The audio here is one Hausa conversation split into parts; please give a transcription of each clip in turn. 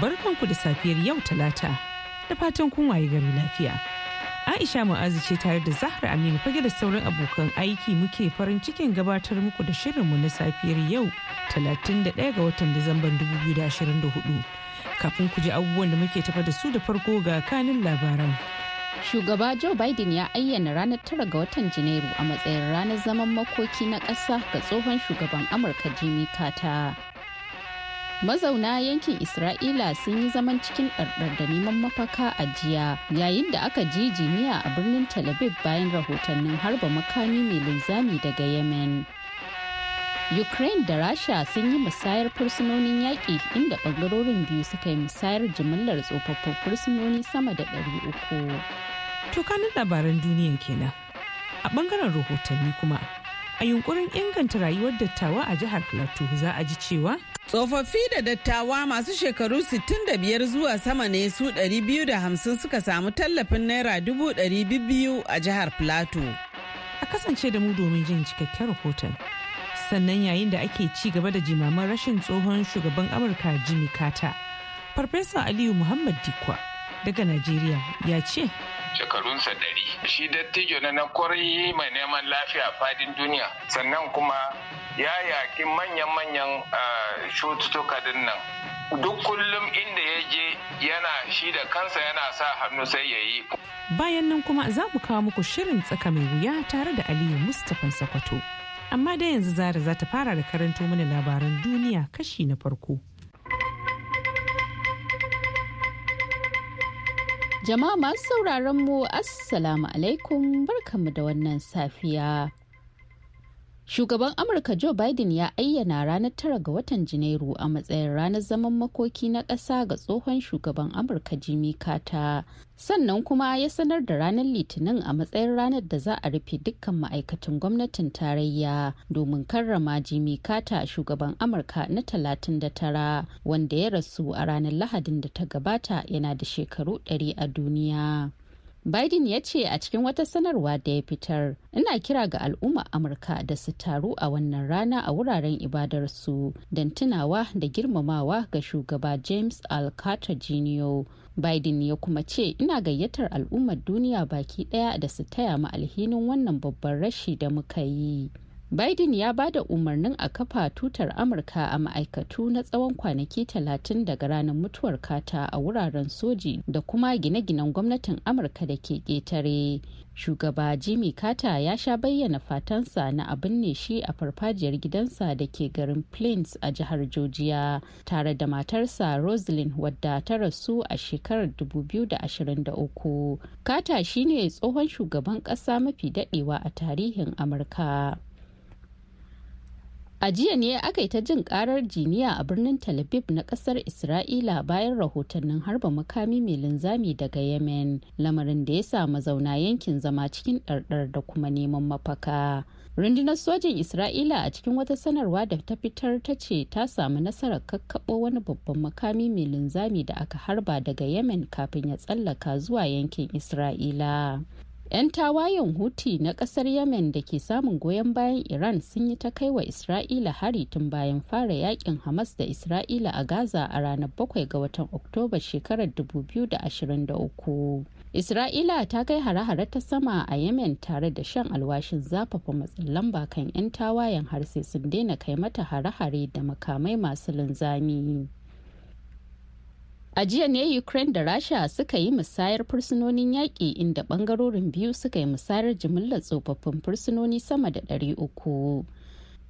barkanku da safiyar yau talata da fatan kun waye gari lafiya aisha mu'azu ce tare da zahra aminu fage da sauran abokan aiki muke farin cikin gabatar muku da shirinmu na safiyar yau 31 ga watan disamban 2024 kafin ku ji abubuwan da muke tafa da su da farko ga kanin labaran shugaba joe biden ya ayyana ranar tara ga watan janairu a matsayin ranar zaman makoki na ƙasa ga tsohon shugaban amurka jimmy carter mazauna yankin isra'ila sun yi zaman cikin ɗarɗar da neman mafaka a jiya yayin da aka ji jiniya a birnin tel bayan rahotannin harba makami mai linzami daga yemen ukraine da rasha sun yi musayar fursunonin yaƙi inda ɓangarorin biyu suka yi musayar jimillar tsofaffin fursunoni sama da ɗari 300 tukanin labaran duniya kenan a ɓangaren rahotanni kuma a yunkurin inganta rayuwar dattawa a jihar plateau za a ji cewa Tsofaffi da dattawa masu shekaru 65 zuwa sama ne su 250 suka samu tallafin Naira 200,000 a jihar Plateau. A kasance da mu domin jin cikakken rahoton. Sannan yayin da ake ci gaba da jimaman rashin tsohon shugaban Amurka Jimmy Carter, Farfesa Aliyu Muhammad Dikwa daga Najeriya ya ce. shekarunsa ɗari shi dattijo na na kwarai mai neman lafiya fadin duniya sannan kuma ya yaki manyan-manyan cututtuka din nan duk kullum inda ya je yana shi da kansa yana sa hannu sai ya yi bayan nan kuma za mu kawo muku shirin tsaka mai wuya tare da aliyu mustapha sokoto amma da yanzu zara za ta fara da karanto mana labaran duniya kashi na farko Jama'a masu sauraron mu Assalamu alaikum barkanmu da wannan safiya. Shugaban Amurka Joe Biden ya ayyana ranar tara ga watan Janairu a matsayin ranar zaman makoki na ƙasa ga tsohon shugaban Amurka Jimmy Carter. Sannan kuma ya sanar da ranar Litinin a matsayin ranar da za a rufe dukkan ma'aikatan gwamnatin tarayya domin karrama Jimmy Carter shugaban Amurka na 39 wanda ya rasu a ranar Lahadin da ta gabata yana da shekaru 100 a duniya. Biden ya ce a cikin wata sanarwa da ya fitar, ina kira ga al'umma Amurka da su taru a wannan rana a wuraren ibadarsu don tunawa da girmamawa ga shugaba James Al Carter Jr. Biden ya kuma ce ina gayyatar al'ummar duniya baki daya da su taya ma alhinin wannan babban rashi da muka yi. biden ya ba da umarnin a kafa tutar amurka a ma'aikatu na tsawon kwanaki talatin daga ranar mutuwar kata a wuraren soji da kuma gine-ginen gwamnatin amurka da ke ƙetare shugaba jimmy carter ya sha bayyana fatansa na abin ne shi a farfajiyar gidansa da ke garin plains a jihar georgia tare da matarsa Rosalind wadda ta rasu a shekarar 2023 carter shine tsohon shugaban ƙasa mafi daɗewa a tarihin amurka A jiya ne aka yi ta jin karar jiniya a birnin Tel na kasar Isra'ila bayan rahotannin harba makami mai linzami daga Yemen, lamarin da ya sa mazauna yankin zama cikin ɗarɗar da kuma neman mafaka. Rundunar sojin Isra'ila a cikin wata sanarwa da ta fitar ta ce ta samu nasarar kakkaɓo wani babban makami mai linzami da aka harba daga Yemen kafin ya tsallaka zuwa yankin Isra'ila. 'Yan tawayen huti na kasar Yemen da ke samun goyon bayan Iran sun yi ta kai wa Isra'ila hari tun bayan fara yakin Hamas da Isra'ila a Gaza a ranar 7 ga watan Oktoba shekarar 2023. Isra'ila ta kai hare-hare ta sama a Yemen tare da shan alwashin zafafa matsin lamba kan 'yan tawayen har sai sun daina kai mata hare-hare da makamai masu linzami. A jiya ne Ukraine da Rasha suka yi musayar fursunonin yaƙi inda ɓangarorin biyu suka yi musayar jimillar tsofaffin fursunoni sama da ɗari uku.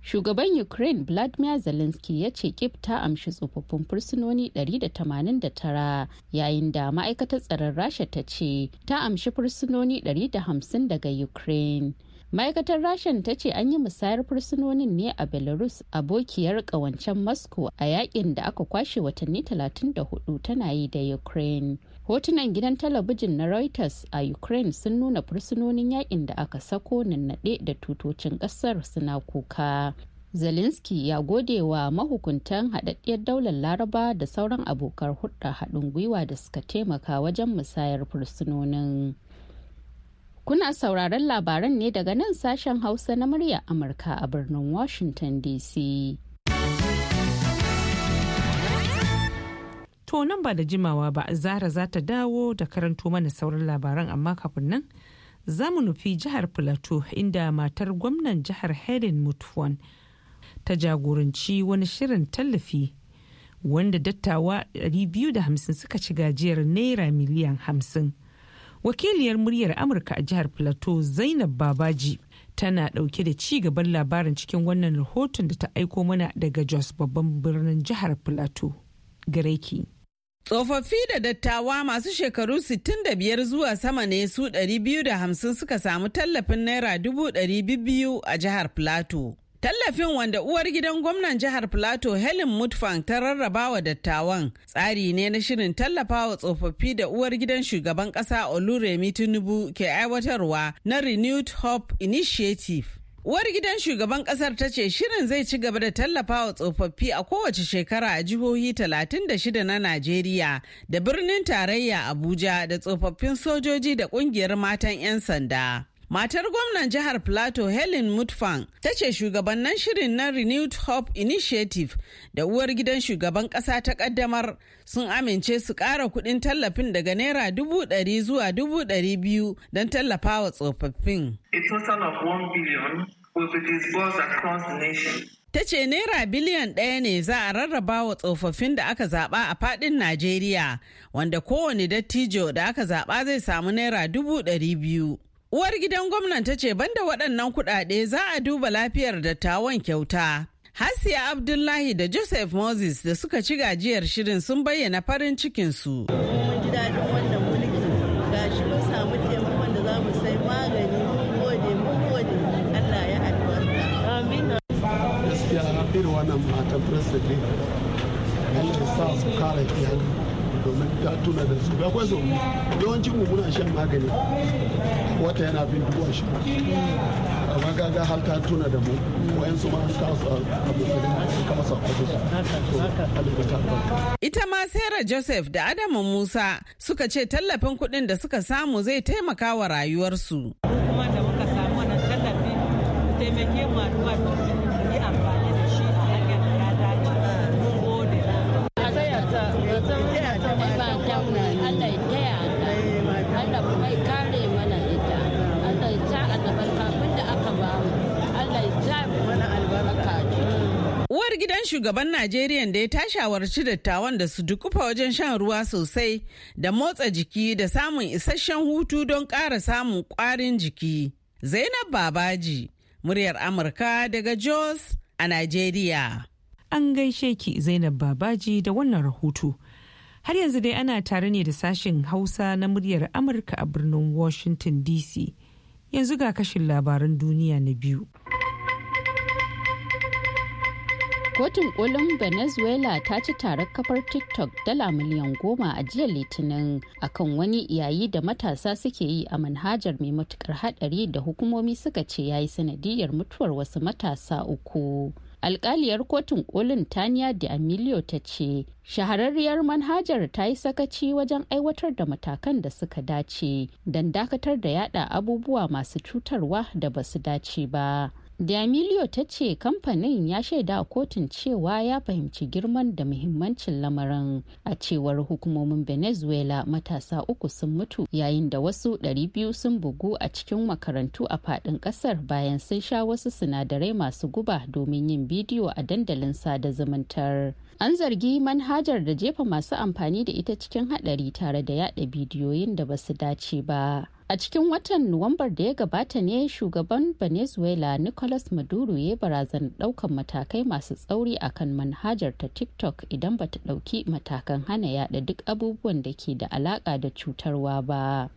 Shugaban Ukraine Vladimir Zelensky ya ce Kif ta amshi tsofaffin fursunoni 189 yayin da ma'aikatar tsaron Rasha ta ce ta amshi fursunoni 150 daga Ukraine. ma'aikatar rashin ta ce an yi musayar fursunonin ne a belarus abokiyar kawancen moscow a yakin da aka kwashe watanni 34 tana yi da ukraine hotunan gidan talabijin na reuters a ukraine sun nuna fursunonin yakin da aka sako nannaɗe da tutocin ƙasar suna kuka Zelensky ya gode wa mahukuntan haɗaɗɗiyar daular Laraba da sauran abokar hulɗa haɗin gwiwa da suka taimaka wajen musayar fursunonin. Kuna sauraron labaran ne daga nan sashen Hausa na murya Amurka a birnin Washington DC. To nan ba da jimawa ba Zara za ta dawo da karanto mana sauran labaran amma kafin nan za mu nufi jihar Filato inda matar gwamnan jihar Helen Mutuwan ta jagoranci wani shirin tallafi wanda dattawa 250 suka ci gajiyar naira miliyan 50. wakiliyar muryar amurka a jihar plateau zainab babaji tana dauke da ci gaban labarin cikin wannan rahoton da ta aiko mana daga jos babban birnin jihar plateau gareki tsofaffi da dattawa masu shekaru 65 zuwa sama ne su 250 suka samu tallafin naira 200,000 a jihar plateau Tallafin wanda uwar gidan gwamnan jihar Plateau Helen Mutfang ta rarraba wa dattawan tsari ne na shirin tallafawa tsofaffi da uwar gidan shugaban kasa Oluremi Tinubu ke aiwatarwa na Renewed Hope Initiative. Uwar gidan shugaban kasar ta ce shirin zai ci gaba da tallafawa tsofaffi a kowace shekara a jihohi 36 na Najeriya da birnin tarayya Abuja da tsofaffin sojoji da kungiyar matan 'yan sanda. Matar gwamnan jihar Plateau Helen Mutfang ta ce shugabannin shirin na Renewed Hope Initiative da uwar gidan shugaban ƙasa ta ƙaddamar sun amince su ƙara kuɗin tallafin daga Naira dubu ɗari zuwa dubu ɗari biyu don tallafawa tsofaffin. A ta ce naira biliyan ɗaya ne za a rarraba wa tsofaffin da aka zaɓa a faɗin najeriya wanda kowane dattijo da aka zaɓa zai samu naira dubu ɗari biyu Uwar gidan gwamnan ta ce banda waɗannan kuɗaɗe za a duba lafiyar dattawan kyauta. Hasiya Abdullahi da Joseph Moses da suka ci gajiyar shirin sun bayyana farin cikinsu. Mun ji daɗin wannan mulki ga shi mun samu taimakon da za mu sai magani mun gode mun gode Allah ya albarka. Gaskiya na wannan matan president Allah ya sa su kare kiyaye. domin ta tuna da su akwai su yawancin mu muna shan magani wata yana bin dubu ashirin amma gaga har ta tuna da mu wayansu ma ta su a musulun kama su a ita ma sarah joseph da adamu musa suka ce tallafin kuɗin da suka samu zai taimaka wa rayuwarsu hukumar gidan shugaban Najeriya da ta shawarci dattawan da su dukufa wajen shan ruwa sosai da motsa jiki da samun isasshen hutu don ƙara samun ƙwarin jiki. Zainab Babaji, muryar Amurka daga Jos a Najeriya. An gaishe ki Zainab Babaji da wannan rahoto. Har yanzu dai ana tare ne da sashen Hausa na muryar Amurka a birnin Washington DC. Yanzu ga kashin labaran duniya na biyu. Kotun kolin Venezuela ta ci tarar kafar TikTok dala miliyan goma a jiya Litinin akan wani yayi da matasa suke yi a manhajar mai matukar hadari da hukumomi suka ce yayi sanadiyar mutuwar wasu matasa uku. alkaliyar kotun kolin tania de amelio ta ce shahararriyar manhajar ta yi sakaci wajen aiwatar da matakan da suka dace don dakatar da yada abubuwa masu cutarwa da basu dace ba D'Amelio ta ce kamfanin ya shaida a kotun cewa ya fahimci girman da muhimmancin lamarin. A cewar hukumomin Venezuela matasa uku sun mutu yayin da wasu 200 sun bugu a cikin makarantu a fadin kasar bayan sun sha wasu sinadarai masu guba domin yin bidiyo a dandalin sada zumuntar. An zargi manhajar da jefa masu amfani da ita cikin hadari tare da yada bidiyoyin da basu dace ba. A cikin watan Nuwambar da ya gabata ne shugaban Venezuela Nicolas Maduro ya barazan daukan matakai masu tsauri a kan manhajar ta TikTok idan ba ta dauki matakan hana yada duk abubuwan da ke da alaka da cutarwa ba.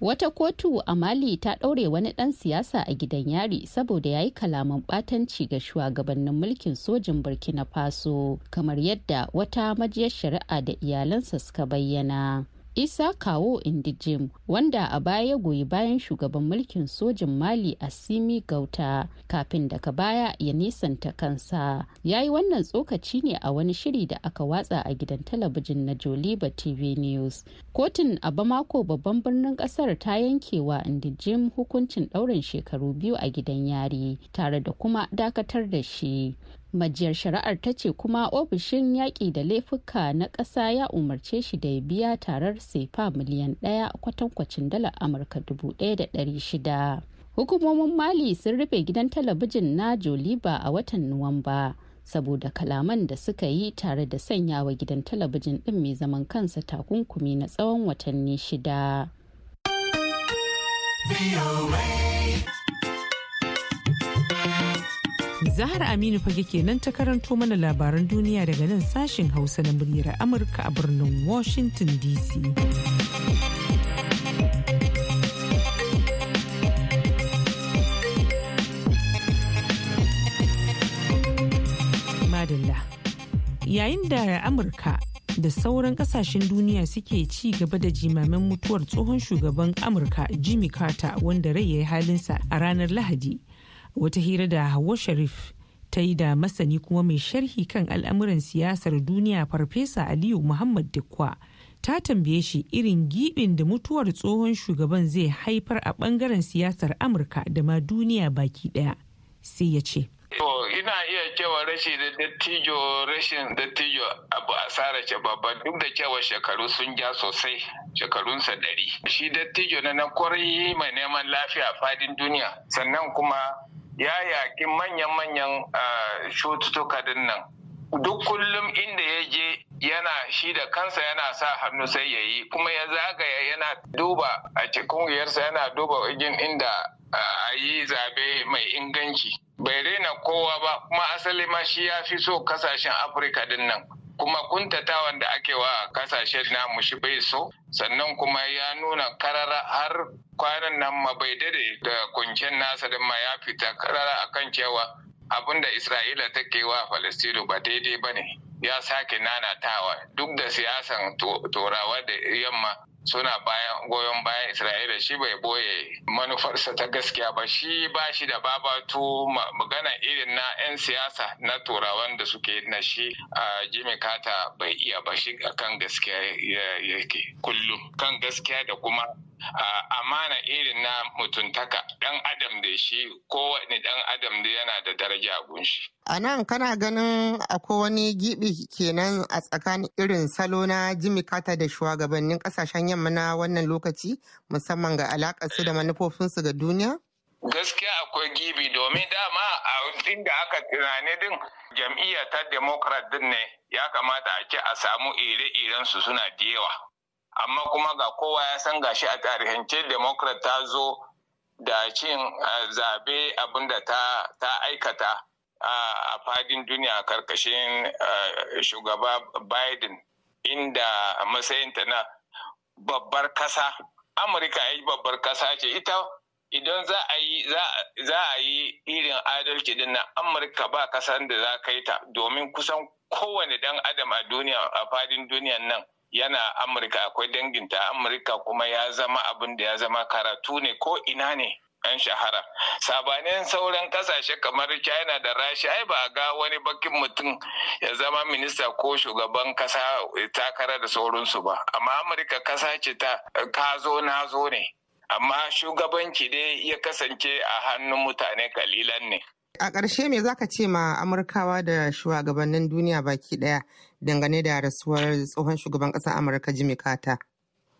Wata kotu a Mali ta ɗaure wani ɗan siyasa a gidan yari saboda ya yi kalaman ɓatanci ga shugabannin mulkin sojin Burkina Faso, kamar yadda wata majiyar shari'a da iyalansa suka bayyana. isa kawo indijem wanda a baya goyi bayan shugaban mulkin sojin mali asimi gauta kafin daga baya ya nisanta kansa ya yi wannan tsokaci ne a wani shiri da aka watsa a gidan talabijin na joliba tv news kotun a bamako babban birnin kasar ta yankewa indijem hukuncin ɗaurin shekaru biyu a gidan yari tare da kuma dakatar da shi majiyar shari'ar ta ce kuma ofishin yaƙi da laifuka na ƙasa ya umarce shi da ya biya tarar sefa miliyan ɗaya kwatankwacin dala amurka dubu ɗaya da ɗari shida hukumomin mali sun rufe gidan talabijin na joliba a watan nuwamba saboda kalaman da suka yi tare da sanya wa gidan talabijin ɗin mai zaman kansa takunkumi na tsawon watanni shida. Zahar Aminu fage kenan ta karanto mana labaran duniya daga nan sashen Hausa na muryar Amurka a birnin Washington DC. Madalla. Yayin da Amurka da sauran kasashen duniya suke ci gaba da jimamin mutuwar tsohon shugaban Amurka Jimmy Carter wanda rai ya yi halinsa a ranar Lahadi. wata hira da hawa sharif ta yi da masani kuma mai sharhi kan al'amuran siyasar duniya farfesa aliyu muhammad dikwa ta tambaye shi irin gibin da mutuwar tsohon shugaban zai haifar a bangaren siyasar amurka da ma duniya baki daya sai ya ce ina iya cewa rashi da dattijo rashin dattijo abu asara ce babba duk da cewa shekaru sun ja sosai shekarunsa ɗari shi dattijo na na kwarai mai neman lafiya fadin duniya sannan kuma ya yaƙi manyan-manyan cututtuka din nan duk kullum inda ya je yana shi da kansa yana sa hannu sai ya yi kuma ya zagaya yana duba a wuyarsa yana duba wajen inda a yi zabe mai inganci bai raina kowa ba kuma asali ma shi ya fi so kasashen afirka din nan kuma kuntatawan da ake wa kasashen namu shi bai so sannan kuma ya nuna karara har kwanan nan ma bai dade da kuncin nasa din ma ya fita karara akan cewa abin da isra'ila take wa falastinu ba daidai ba ne ya sake nanatawa duk da siyasan turawa da yamma suna bayan goyon bayan isra'ila shi bai boye manufarsa ta gaskiya ba shi ba shi da babatu magana irin na 'yan siyasa na turawan da suke na shi a jimmy carter bai iya ba shi kan gaskiya yake kullum kan gaskiya da kuma amana irin na mutuntaka dan adam da shi kowane dan adam da yana da daraja a gunshi. a nan kana ganin akwai wani gibi kenan a tsakanin irin salo na jimmy carter da shugabannin kasashen yamma na wannan lokaci musamman ga su da manufofinsu ga duniya gaskiya akwai gibi domin dama a inda aka tunani din jam'iyyar ta democrat din ne ya kamata a ce a samu ire-irensu suna da yawa amma kuma ga kowa ya san gashi a tarihance democrat ta zo da cin eh, zabe abinda ta, ta aikata a fadin duniya a karkashin eh, shugaba biden inda matsayinta na babbar kasa amurka ya yi babbar kasa ce ita idan za a yi za a yi irin adalci din na amurka ba kasan da za ka yi ta domin kusan kowane dan adam a duniya a fadin duniyan nan yana amurka akwai dangin ta amurka kuma ya zama abin da ya zama karatu ne ko ina ne yan shahara sabanin sauran kasashe kamar china da rasha ai ba ga wani bakin mutum ya zama minista ko shugaban kasa eh, takara da sauransu ba amma amurka kasa ce ta eh, "Ka zo na zo ne amma shugabanci dai ya kasance a hannun mutane kalilan ne a ƙarshe me zaka ce ma amurkawa da shugabannin duniya baki ɗaya dangane da rasuwar tsohon shugaban ƙasar amurka jimmy carter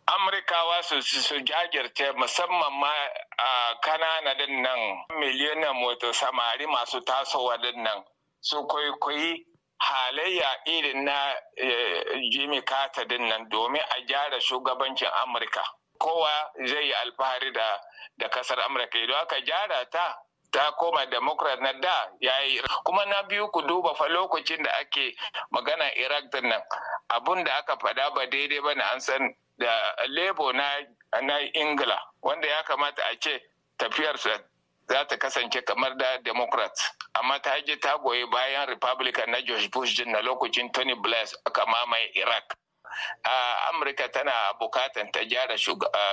amurkawa su su jajirce musamman ma a din nan miliyonan moto samari masu tasowa din nan su kwaikwayi halayya irin na e, jimmy carter din nan domin a gyara shugabancin amurka kowa zai yi alfahari da kasar amurka idan aka gyara ta ta koma democrat na da ya yi kuma na biyu ku duba fa lokacin da ake magana iraq din nan abun da aka fada ba daidai ba na an san da lebo na na ingila wanda ya kamata a ce tafiyarsa za ta kasance kamar da democrat amma ta je ta goyi bayan republican na george bush din na lokacin tony blair aka mamaye iraq amurka tana bukatan ta gyara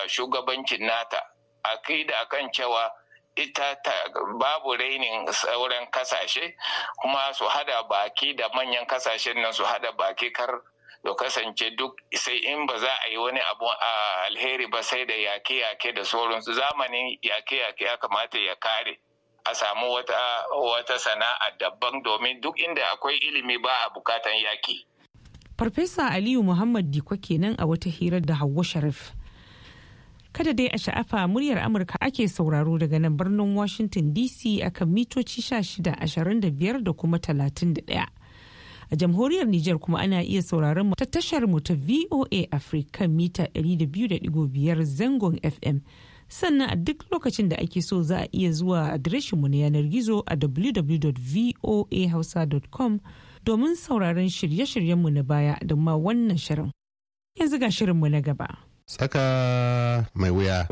shugabancin nata a akan cewa ita ta babu rainin sauran kasashe kuma su hada baki da manyan kasashen nan su hada baki kar da kasance duk sai in ba za a yi wani abu a alheri ba sai da yake-yake da sauransu zamanin yake-yake ya kamata ya kare a samu wata, sana'a daban domin duk inda akwai ilimi ba a bukatan yaki. Farfesa Aliyu Muhammad Diko kenan a wata hirar da hawa Sharif. Kada dai a sha'afa muryar Amurka ake sauraro daga nan birnin Washington DC akan mitoci 1625 da kuma 31. A jamhuriyar Nijar kuma ana iya sauraron mu ta tashar mu ta VOA Africa mita 200.5 zangon FM. Sannan a duk lokacin da ake so za a iya zuwa adireshin mu na yanar gizo a www.voahausa.com domin sauraron shirye-shiryenmu na baya da ma wannan shirin. Yanzu ga shirinmu na gaba. tsaka mai wuya.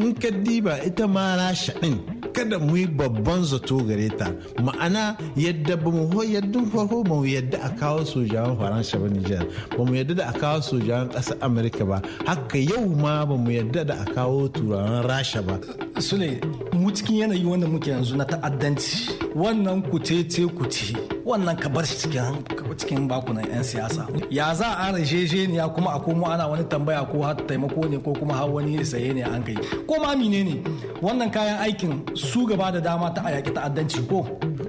In ka diba ita ma rasha ɗin kada mu yi babban zato gare ta ma'ana yadda ba mu yaddun farko ba mu yadda a kawo sojawan faransa ba nijar ba mu yadda da a kawo sojawan ƙasa amurka ba haka yau ma ba mu yadda da a kawo turawan rasha ba sule mu cikin yanayi wanda muke yanzu na ta'addanci wannan kuce ce kuce wannan ka bar shi cikin cikin bakunan 'yan siyasa ya za a rajejeniya kuma a komo ana wani tambaya ko har taimako ne ko kuma har wani saye ne an kai ko ma mine ne wannan kayan aikin su gaba da dama ta a ta'addanci ko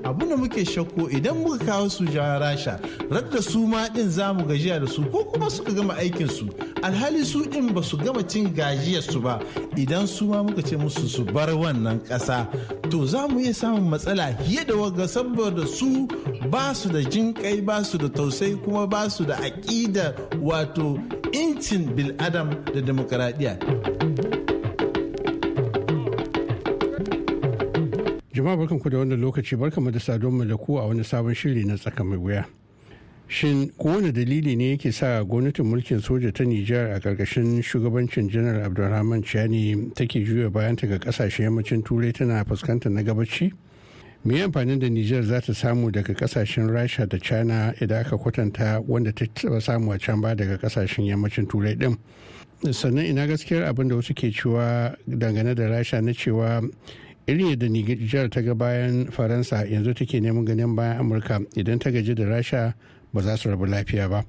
abin da muke shakko idan muka kawo su jihar rasha radda su ma din za mu gajiya da su ko kuma suka gama aikin su alhali su din ba su gama cin gajiyar su ba idan su ma muka ce musu su bar wannan kasa to za mu iya samun matsala fiye da waga saboda su ba su da jinƙai ba su da tausayi kuma ba su da aƙida wato incin bil'adam da demokaradiyya. jama'a barkanku da wannan lokaci barkanmu da saduwa da ku a wani sabon shiri na tsaka mai wuya shin kowane dalili ne yake sa gwamnatin mulkin soja ta nijar a ƙarƙashin shugabancin janar abdulrahman chani take juya bayanta ga ƙasashen yammacin turai tana fuskantar na gabaci me amfanin da nijar za ta samu daga kasashen rasha da china idan aka kwatanta wanda ta taba samu a can ba daga kasashen yammacin turai din sannan ina gaskiyar abin da wasu ke cewa dangane da rasha na cewa irin da nijar ta ga bayan faransa yanzu take neman ganin bayan amurka idan ta gaji da rasha ba za su rabu lafiya ba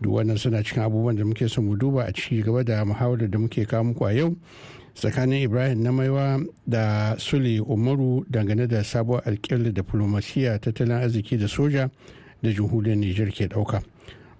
duk wannan suna cikin abubuwan da muke son mu duba a ciki gaba da muhawarar da muke kawo muku a yau tsakanin ibrahim na maiwa da sule umaru dangane da sabuwar alƙilar diplomasiya tattalin arziki da soja da jamhuriyar niger ke ɗauka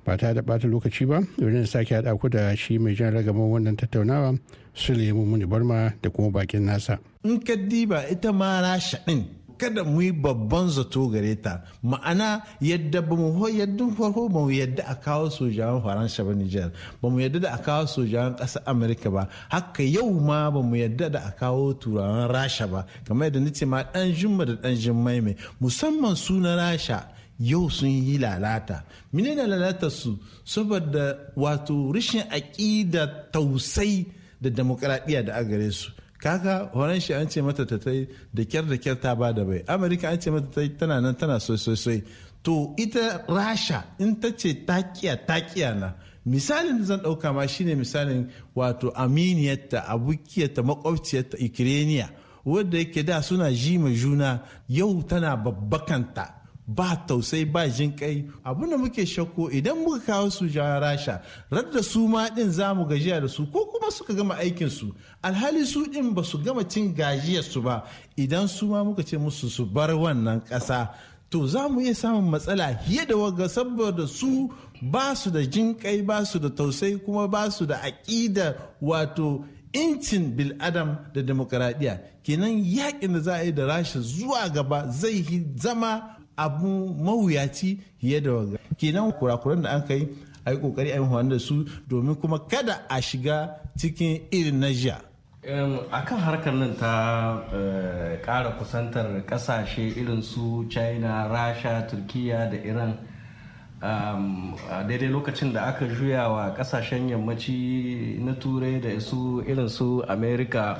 ba ta da bata lokaci ba wurin sake haɗa ku da shi mai jan ragamar wannan tattaunawa sule mummuni barma da kuma bakin nasa in ka diba ita ma rasha ɗin kada mu yi babban zato gare ta ma'ana yadda ba mu yadda farko ba mu yadda a kawo sojan faransa ba nijar ba mu yadda da a kawo sojan ƙasar amurka ba haka yau ma ba mu yadda da a kawo turawan rasha ba kamar yadda nace ma ɗan jimma da ɗan jimmai mai musamman su na rasha yau sun yi lalata mine na lalata su saboda wato rashin aƙida tausai da demokradiyya da a su kaga horon shi an ce mata ta tai da kyar da kyar ta bada bai amerika an ce mata ta tana nan tana soi soi soi to ita rasha in ta ce takiya takiya na misalin da zan dauka ma shine misalin wato aminiyarta abukiyarta makwabciyarta ukraine wadda yake da suna ji juna yau tana babbakanta ba tausai ba jin kai abinda muke shakko idan muka kawo su jawa rasha radda su ma din za mu gajiya da su ko kuma suka gama aikin su alhali su din ba su gama cin gajiyar su ba idan su ma muka ce musu su bar wannan ƙasa to za mu iya samun matsala fiye da waga saboda su ba su da jin kai ba su da tausai kuma ba su da aƙida wato incin biladam da demokaradiyya kenan yakin da za a yi da rasha zuwa gaba zai zama abu mawuyaci fiye da waga kenan kurakuran da an kai a yi kokari a yi da su domin kuma kada a shiga cikin irin na jiya a kan harkar nan ta eh, ƙara kusantar ƙasashe irin su china rasha turkiya da iran a daidai lokacin da aka juya wa ƙasashen yammaci na turai da su irin su america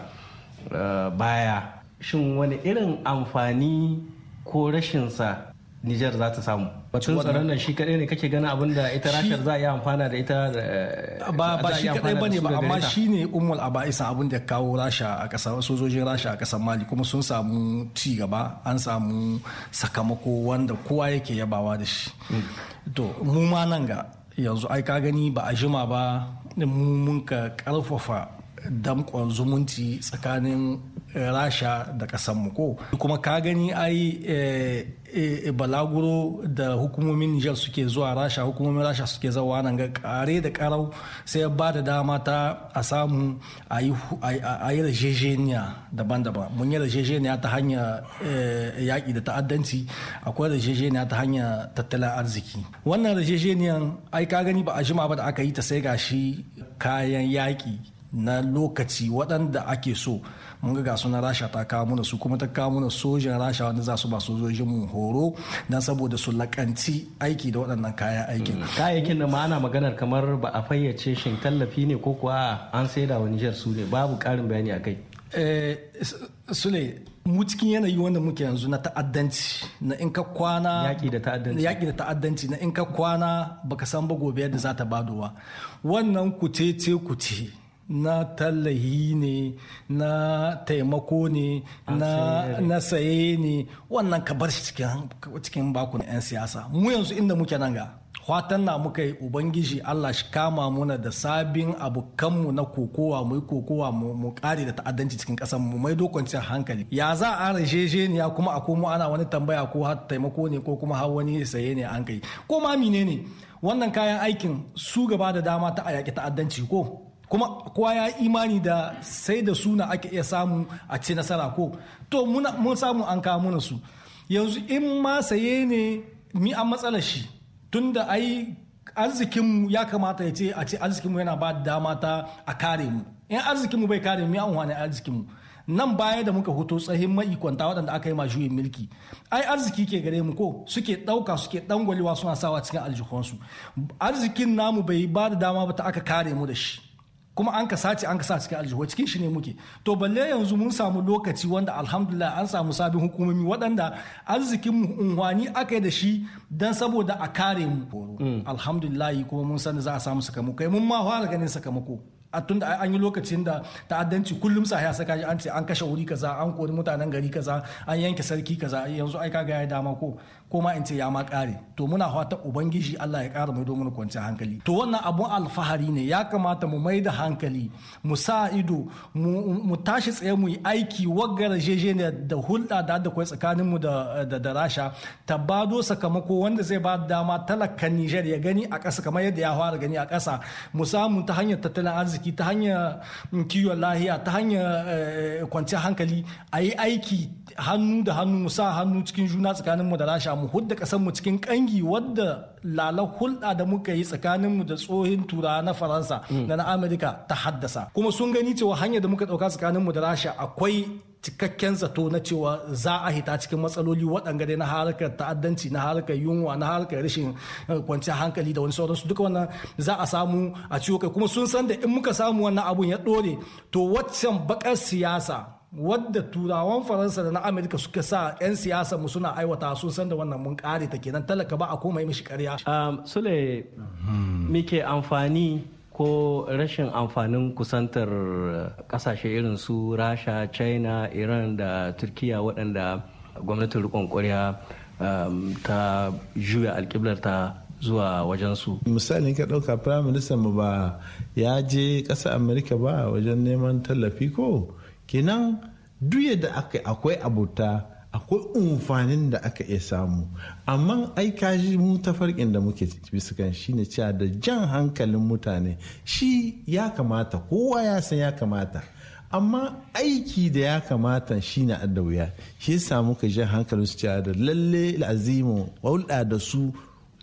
eh, baya shin wani irin amfani ko rashinsa Nijar za ta samu. Batun tsaron nan shi kadai ne kake gana abin da ita rashar za a yi amfana da ita eh, ba ba shi kadai bane ba amma shi ne ummul aba'isa abin da kawo rasha a kasar sojojin rasha a kasar mali kuma sun samu ci gaba an samu sakamako wanda kowa yake yabawa da shi mm. to mu ma nan ga yanzu ai ka gani ba a jima ba mun ka karfafa damkon zumunci tsakanin eh, rasha da ƙasanmu ko kuma ka gani ai eh, eh, balaguro da hukumomin Nijar suke zuwa rasha hukumomin rasha suke zawa nan ga kare da karau sai ba da dama ta a samu a yi rajejeniya daban-daban mun yi rajejeniya ta hanyar yaƙi da ta'addanci akwai rajejeniya ta hanyar tattalin arziki wannan rajejeniyan ai ka gani ba a jima ba da aka yi ta sai gashi kayan yaƙi na lokaci waɗanda ake so mun ga gasu na rasha ta kawo mana su kuma ta kawo mana sojin rasha wanda za su ba sojojin mu horo don saboda su lakanci aiki da waɗannan kayan aikin mm. kayayyakin da ana maganar kamar ba a fayyace shin tallafi ne ko kuwa an saida wa nijar su ne babu ƙarin bayani a kai eh, sule mu cikin yanayi wanda muke yanzu na ta'addanci na in ka kwana yaki da ta'addanci yaki da ta'addanci na in ka kwana baka san ba gobe yadda za ta badowa wannan kuce ce kuce na tallahi ne na taimako ne na saye ne wannan ka bar shi cikin baku na 'yan siyasa mu yanzu inda muke nan ga fatan na muka yi ubangiji allah shi kama muna da sabin abokanmu na kokowa mu yi kokowa mu kare da ta'addanci cikin kasan mu mai dokoncin hankali ya za a rasheje ne kuma a komo ana wani tambaya ko har taimako ne ko kuma har wani saye ne an kai ko ma mine ne wannan kayan aikin su gaba da dama ta a yaƙi ta'addanci ko kuma kowa ya imani da sai da suna ake iya samu a ce nasara ko to mun samu an kawo muna su yanzu in ma saye ne mi an matsalar shi tunda ai arzikinmu ya kamata ya ce a ce arzikinmu yana ba da dama ta a kare mu in arzikin mu bai kare mu ya arzikin mu nan baya da muka hoto tsahin kwanta waɗanda aka yi ma juyin mulki ai arziki ke gare mu ko suke ɗauka suke ɗangwalewa suna sawa cikin aljihunsu arzikin namu bai ba da dama ba ta aka kare mu da shi kuma an ka sace an ka sa cikin aljihu cikin shi ne muke to balle yanzu mun samu lokaci wanda alhamdulillah an samu sabin hukumomi waɗanda arzikin mu unwani aka yi da shi dan saboda a kare mu mm. alhamdulillah kuma mun san za a samu sakamako mun ma fara ganin sakamako a tunda an yi lokacin da ta'addanci kullum sa ya saka an ce an kashe wuri kaza an kori mutanen gari kaza an yanke sarki kaza yanzu ai kaga ya dama ko ko in ce ya ma kare to muna fata ubangiji Allah ya kara mai domin kwanciyar hankali to wannan abun alfahari ne ya kamata mu mai da hankali mu sa ido mu tashi tsaye mu yi aiki jeje ne da hulɗa da da kwai tsakanin mu da da rasha ta sakamako wanda zai ba dama talakan Niger ya gani a ƙasa kamar yadda ya fara gani a ƙasa mu samu ta hanyar tattalin arziki arziki ta hanyar mm, kiwon lahiya ta hanyar eh, kwanciyar hankali a yi aiki hannu da hannu mu sa hannu cikin juna tsakanin mu da rasha mu hudda kasar mu cikin kangi wadda lala hulɗa da muka yi tsakanin mu da tsohin tura na faransa mm. da na amerika ta haddasa kuma sun gani cewa hanyar da muka ɗauka tsakanin mu da rasha akwai cikakken zato na cewa za a hita cikin matsaloli waɗanga dai na harkar ta'addanci na harkar yunwa na harkar rashin eh, kwanciyar hankali da wani sauransu duka wannan za a samu a ciwo kai kuma sun san da in muka samu wannan abun ya ɗore to waccan bakar siyasa wadda turawan faransa da na amerika suka sa 'yan siyasa mu suna aiwata sun san da wannan mun kare ta kenan talaka ba a komai mishi karya um, sule muke amfani ko rashin amfanin kusantar eh, kasashe irin su rasha china iran da turkiya waɗanda gwamnatin rikon kwarya ehm, ta juya alkiblar ta zuwa wajen su. misali ka ɗauka prime minister mu ba ya je ƙasa amurka ba wajen neman tallafi ko kenan duk yadda akwai abota akwai umfanin da aka iya samu amma ai kaji mu tafarkin da muke bisa kan shine cewa da jan hankalin mutane shi ya kamata kowa ya san ya kamata amma aiki da ya kamata shi na da wuya shi yasa muka jan hankalin su cewa da lalle azimu hulɗa da su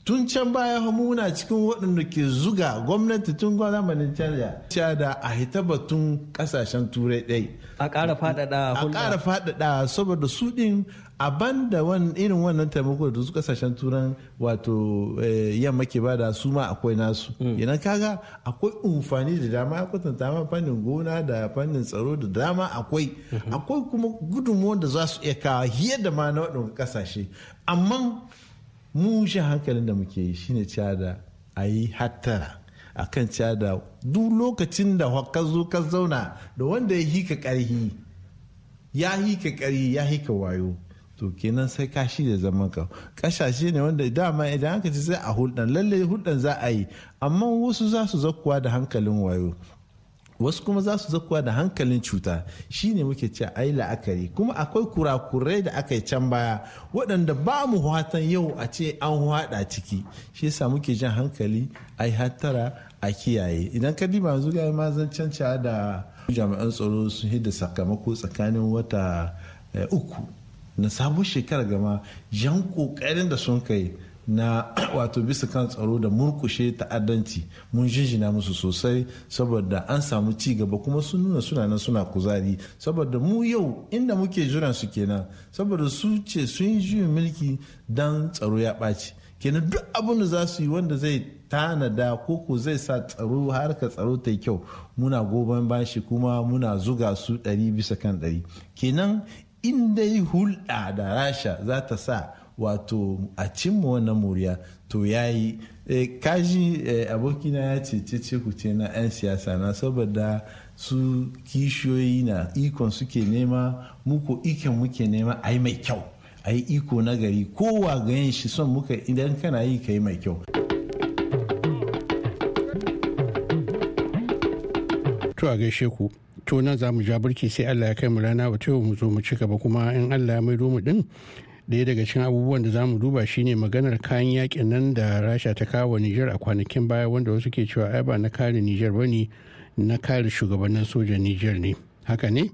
tun can baya muna cikin waɗanda ke zuga gwamnati tun zamanin canja cewa da a hita batun ƙasashen turai ɗai a ƙara faɗaɗa a ƙara faɗaɗa saboda su ɗin a banda irin wannan taimako da su ƙasashen turan wato eh, yamma ke bada su ma akwai nasu hmm. idan kaga akwai umfani da dama ya kwatanta ma fannin gona da fannin tsaro da dama akwai mhm. akwai kuma gudunmuwan da za su iya kawo hiyar da ma na waɗanda kasashe amma mu shi hankalin da muke yi shine cada a yi hattara a kan cada duk lokacin da ka zo ka zauna da wanda ya hika karhi ya hika karhi ya hika wayo to kenan sai ka shi da zaman ka kashashe ne wanda dama idan aka ci sai a hulɗan lallai hulɗan za a yi amma wasu za su zakuwa da hankalin wayo wasu kuma za su zakuwa da hankalin cuta shi ne muke ce ai la'akari kuma akwai kurakurai da aka yi can baya waɗanda ba mu hatan yau a ce an haɗa ciki shi yasa muke jan hankali a yi hattara a kiyaye idan ka diba yanzu ga ma canca da jami'an tsaro sun hidda sakamako tsakanin wata eh, uku na sabon shekara gama jan kokarin da sun kai na wato bisa kan tsaro da murkushe ta'addanci mun jinjina musu sosai saboda an samu ci gaba kuma sun nuna suna nan suna kuzari saboda mu yau inda muke jiran su kenan saboda su ce sun yi juyin mulki dan tsaro ya ɓaci kenan duk abin da za su yi wanda zai tanada ko ko zai sa tsaro harka tsaro ta kyau muna goban bashi kuma muna zuga su ɗari bisa kan ɗari kenan in dai hulɗa da rasha za ta sa wato a cimma wannan moriya to ya yi eh, kaji eh, abokina ya ce ce ku ce na 'yan siyasa na saboda su kishiyoyi na ikon suke nema muku ikon muke nema a yi mai kyau a yi iko na gari kowa ga yin shi son muka idan kana yi ka yi mai kyau to a gaishe ku to nan za mu ja burki sai allah ya kai mu rana wata yau mu zo mu ci gaba kuma in allah ya maido mu din ɗaya daga cikin abubuwan da zamu duba shine maganar kayan yakin nan da rasha ta kawo wa niger a kwanakin baya wanda wasu ke cewa ai ba na kare niger ba ne na kare shugabannin sojan niger ne haka ne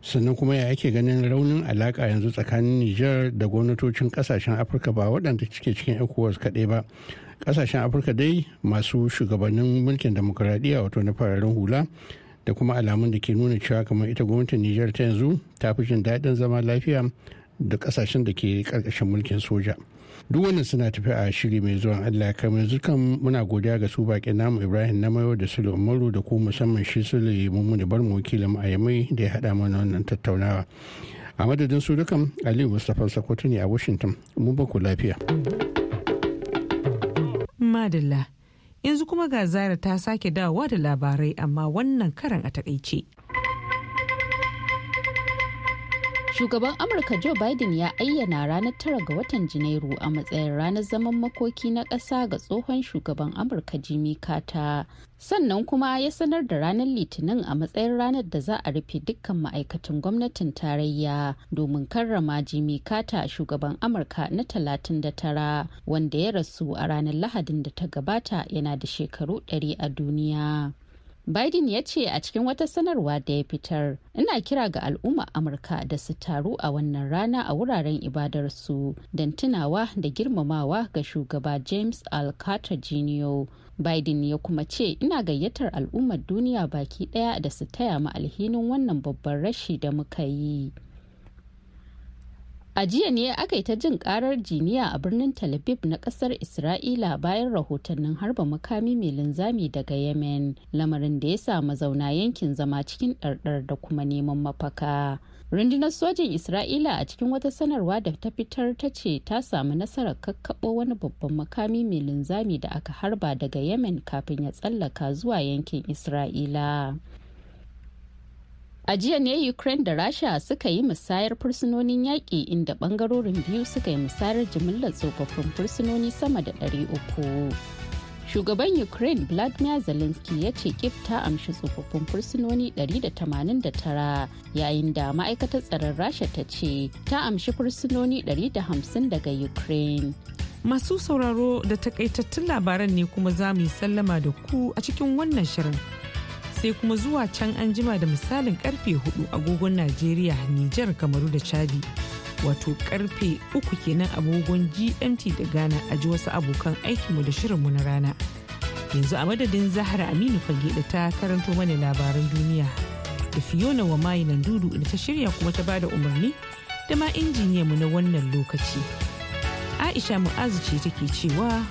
sannan kuma ya ake ganin raunin alaka yanzu tsakanin niger da gwamnatocin kasashen afirka ba waɗanda cike cikin ecowas kaɗai ba kasashen afirka dai masu shugabannin mulkin demokuraɗiyya wato na fararen hula da kuma alamun da ke nuna cewa kamar ita gwamnatin niger ta yanzu ta fi jin daɗin zama lafiya da kasashen da ke karkashin mulkin soja duk wannan suna tafi a shiri mai zuwa allah kamar yanzu kan muna godiya ga su baƙin namu ibrahim na mayo da sule umaru da ku musamman shi sule da bar mu wakilin ayamai da ya haɗa mana wannan tattaunawa a madadin su dukan aliyu mustapha sakwato ne a washington mun ba ku lafiya madalla yanzu kuma ga zara ta sake dawowa da labarai amma wannan karan a takaice shugaban amurka joe biden ya ayyana ranar tara ga watan janairu a matsayin ranar zaman makoki na ƙasa ga tsohon shugaban amurka jimmy carter sannan kuma ya sanar da ranar litinin a matsayin ranar da za a rufe dukkan ma'aikatan gwamnatin tarayya domin karrama jimmy carter shugaban amurka na 39 wanda ya rasu a ranar lahadin da ta gabata yana da shekaru 100 a duniya Biden ya ce a cikin wata sanarwa da ya fitar, "Ina kira ga al'umma Amurka da su taru a wannan rana a wuraren ibadarsu don tunawa da girmamawa ga shugaba James Al Carter Jr. Biden ya kuma ce, "Ina gayyatar al'ummar duniya baki ɗaya da su taya ma alhinin wannan babban rashi da muka yi." A jiya ne aka yi ta jin karar jiniya a birnin Tel na kasar Isra'ila bayan rahotannin harba makami mai linzami daga Yemen, lamarin da ya sa mazauna yankin zama cikin ɗarɗar da kuma neman mafaka. Rundunar sojin Isra'ila a cikin wata sanarwa da ta fitar ta ce ta samu nasarar kakkaɓo wani babban makami mai linzami da aka harba daga Yemen kafin ya tsallaka zuwa yankin Isra'ila. A jiya ne Ukraine da Rasha suka yi musayar fursunonin yaƙi inda ɓangarorin biyu suka yi musayar jimillar tsofaffin fursunoni sama da ɗari uku. Shugaban Ukraine Vladimir Zelensky ya ce Kif ta amshi tsofaffin fursunoni 189 yayin da ma'aikatar tsaron Rasha ta ce ta amshi fursunoni 150 daga Ukraine. Masu sauraro da takaitattun labaran ne kuma za mu yi sallama da ku a cikin wannan shirin. sai kuma zuwa can an jima da misalin karfe 4 agogon Najeriya, Nijar, Kamaru da Chadi. Wato karfe 3 kenan agogon GMT da Ghana a ji wasu abokan aikinmu da shirinmu na rana. Yanzu a madadin Zahra Aminu fage da ta karanto mana labaran duniya. Da Fiona wa nan dudu da ta shirya kuma ta bada umarni da ma injiniya mu na wannan lokaci. Aisha Mu'azu ce take cewa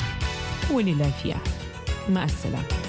kowane lafiya. Ma'assalam.